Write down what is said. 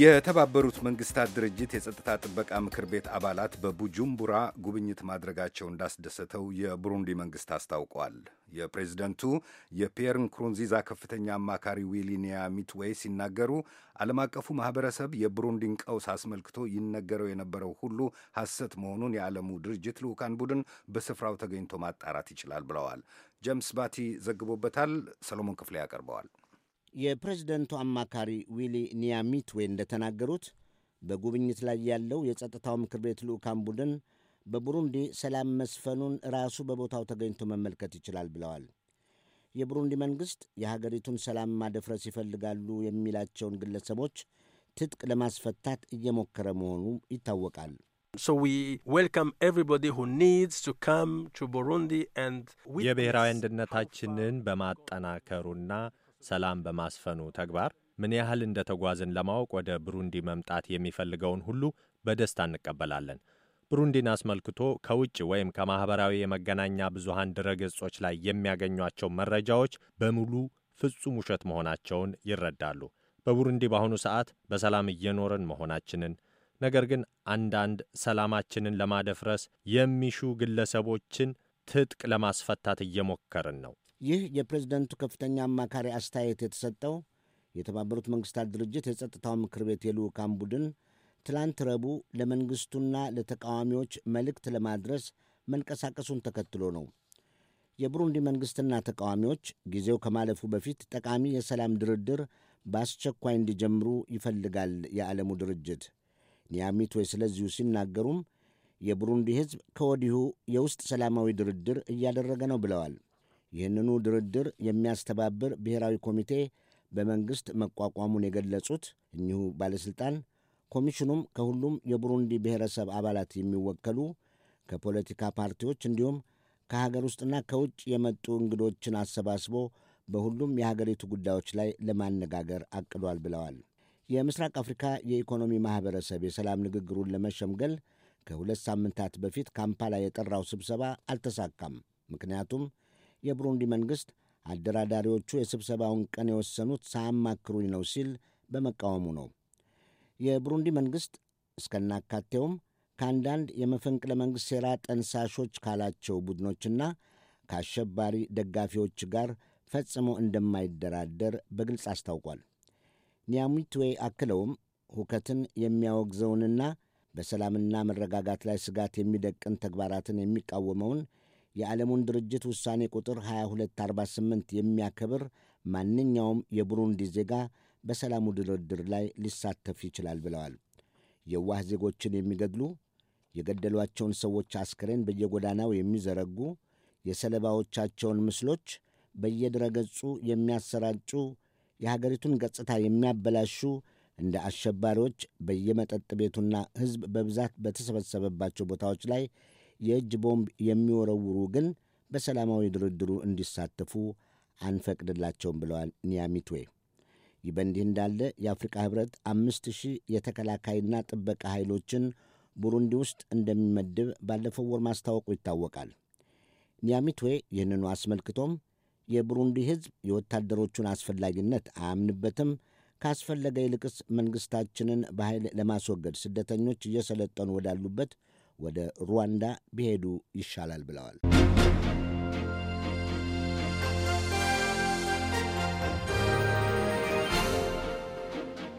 የተባበሩት መንግስታት ድርጅት የጸጥታ ጥበቃ ምክር ቤት አባላት በቡጁምቡራ ጉብኝት ማድረጋቸው እንዳስደሰተው የቡሩንዲ መንግስት አስታውቋል። የፕሬዚደንቱ የፒየር ንኩሩንዚዛ ከፍተኛ አማካሪ ዊሊኒያ ሚትዌይ ሲናገሩ ዓለም አቀፉ ማህበረሰብ የቡሩንዲን ቀውስ አስመልክቶ ይነገረው የነበረው ሁሉ ሐሰት መሆኑን የዓለሙ ድርጅት ልዑካን ቡድን በስፍራው ተገኝቶ ማጣራት ይችላል ብለዋል። ጀምስ ባቲ ዘግቦበታል። ሰሎሞን ክፍሌ ያቀርበዋል። የፕሬዝደንቱ አማካሪ ዊሊ ኒያሚትዌ እንደተናገሩት በጉብኝት ላይ ያለው የጸጥታው ምክር ቤት ልዑካን ቡድን በቡሩንዲ ሰላም መስፈኑን ራሱ በቦታው ተገኝቶ መመልከት ይችላል ብለዋል። የቡሩንዲ መንግሥት የሀገሪቱን ሰላም ማደፍረስ ይፈልጋሉ የሚላቸውን ግለሰቦች ትጥቅ ለማስፈታት እየሞከረ መሆኑ ይታወቃል። የብሔራዊ አንድነታችንን በማጠናከሩና ሰላም በማስፈኑ ተግባር ምን ያህል ተጓዝን ለማወቅ ወደ ብሩንዲ መምጣት የሚፈልገውን ሁሉ በደስታ እንቀበላለን። ብሩንዲን አስመልክቶ ከውጭ ወይም ከማኅበራዊ የመገናኛ ብዙሃን ድረ ገጾች ላይ የሚያገኟቸው መረጃዎች በሙሉ ፍጹም ውሸት መሆናቸውን ይረዳሉ። በቡሩንዲ በአሁኑ ሰዓት በሰላም እየኖርን መሆናችንን ነገር ግን አንዳንድ ሰላማችንን ለማደፍረስ የሚሹ ግለሰቦችን ትጥቅ ለማስፈታት እየሞከርን ነው። ይህ የፕሬዝደንቱ ከፍተኛ አማካሪ አስተያየት የተሰጠው የተባበሩት መንግስታት ድርጅት የጸጥታው ምክር ቤት የልዑካን ቡድን ትላንት ረቡዕ ለመንግሥቱና ለተቃዋሚዎች መልእክት ለማድረስ መንቀሳቀሱን ተከትሎ ነው። የቡሩንዲ መንግሥትና ተቃዋሚዎች ጊዜው ከማለፉ በፊት ጠቃሚ የሰላም ድርድር በአስቸኳይ እንዲጀምሩ ይፈልጋል የዓለሙ ድርጅት። ኒያሚትዌ ስለዚሁ ሲናገሩም የቡሩንዲ ሕዝብ ከወዲሁ የውስጥ ሰላማዊ ድርድር እያደረገ ነው ብለዋል። ይህንኑ ድርድር የሚያስተባብር ብሔራዊ ኮሚቴ በመንግሥት መቋቋሙን የገለጹት እኚሁ ባለሥልጣን ኮሚሽኑም ከሁሉም የቡሩንዲ ብሔረሰብ አባላት የሚወከሉ ከፖለቲካ ፓርቲዎች እንዲሁም ከሀገር ውስጥና ከውጭ የመጡ እንግዶችን አሰባስቦ በሁሉም የሀገሪቱ ጉዳዮች ላይ ለማነጋገር አቅዷል ብለዋል። የምስራቅ አፍሪካ የኢኮኖሚ ማኅበረሰብ የሰላም ንግግሩን ለመሸምገል ከሁለት ሳምንታት በፊት ካምፓላ የጠራው ስብሰባ አልተሳካም። ምክንያቱም የብሩንዲ መንግሥት አደራዳሪዎቹ የስብሰባውን ቀን የወሰኑት ሳያማክሩኝ ነው ሲል በመቃወሙ ነው። የብሩንዲ መንግሥት እስከናካቴውም ከአንዳንድ የመፈንቅለ መንግሥት ሴራ ጠንሳሾች ካላቸው ቡድኖችና ከአሸባሪ ደጋፊዎች ጋር ፈጽሞ እንደማይደራደር በግልጽ አስታውቋል። ኒያሚትዌ አክለውም ሁከትን የሚያወግዘውንና በሰላምና መረጋጋት ላይ ስጋት የሚደቅን ተግባራትን የሚቃወመውን የዓለሙን ድርጅት ውሳኔ ቁጥር 2248 የሚያከብር ማንኛውም የቡሩንዲ ዜጋ በሰላሙ ድርድር ላይ ሊሳተፍ ይችላል ብለዋል። የዋህ ዜጎችን የሚገድሉ የገደሏቸውን ሰዎች አስክሬን በየጎዳናው የሚዘረጉ የሰለባዎቻቸውን ምስሎች በየድረገጹ የሚያሰራጩ የሀገሪቱን ገጽታ የሚያበላሹ እንደ አሸባሪዎች በየመጠጥ ቤቱና ሕዝብ በብዛት በተሰበሰበባቸው ቦታዎች ላይ የእጅ ቦምብ የሚወረውሩ ግን በሰላማዊ ድርድሩ እንዲሳተፉ አንፈቅድላቸውም ብለዋል ኒያሚትዌ። ይህ በእንዲህ እንዳለ የአፍሪካ ህብረት አምስት ሺህ የተከላካይና ጥበቃ ኃይሎችን ቡሩንዲ ውስጥ እንደሚመድብ ባለፈው ወር ማስታወቁ ይታወቃል። ኒያሚትዌ ይህንኑ አስመልክቶም የቡሩንዲ ህዝብ የወታደሮቹን አስፈላጊነት አያምንበትም፣ ካስፈለገ ይልቅስ መንግሥታችንን በኃይል ለማስወገድ ስደተኞች እየሰለጠኑ ወዳሉበት ወደ ሩዋንዳ ቢሄዱ ይሻላል ብለዋል።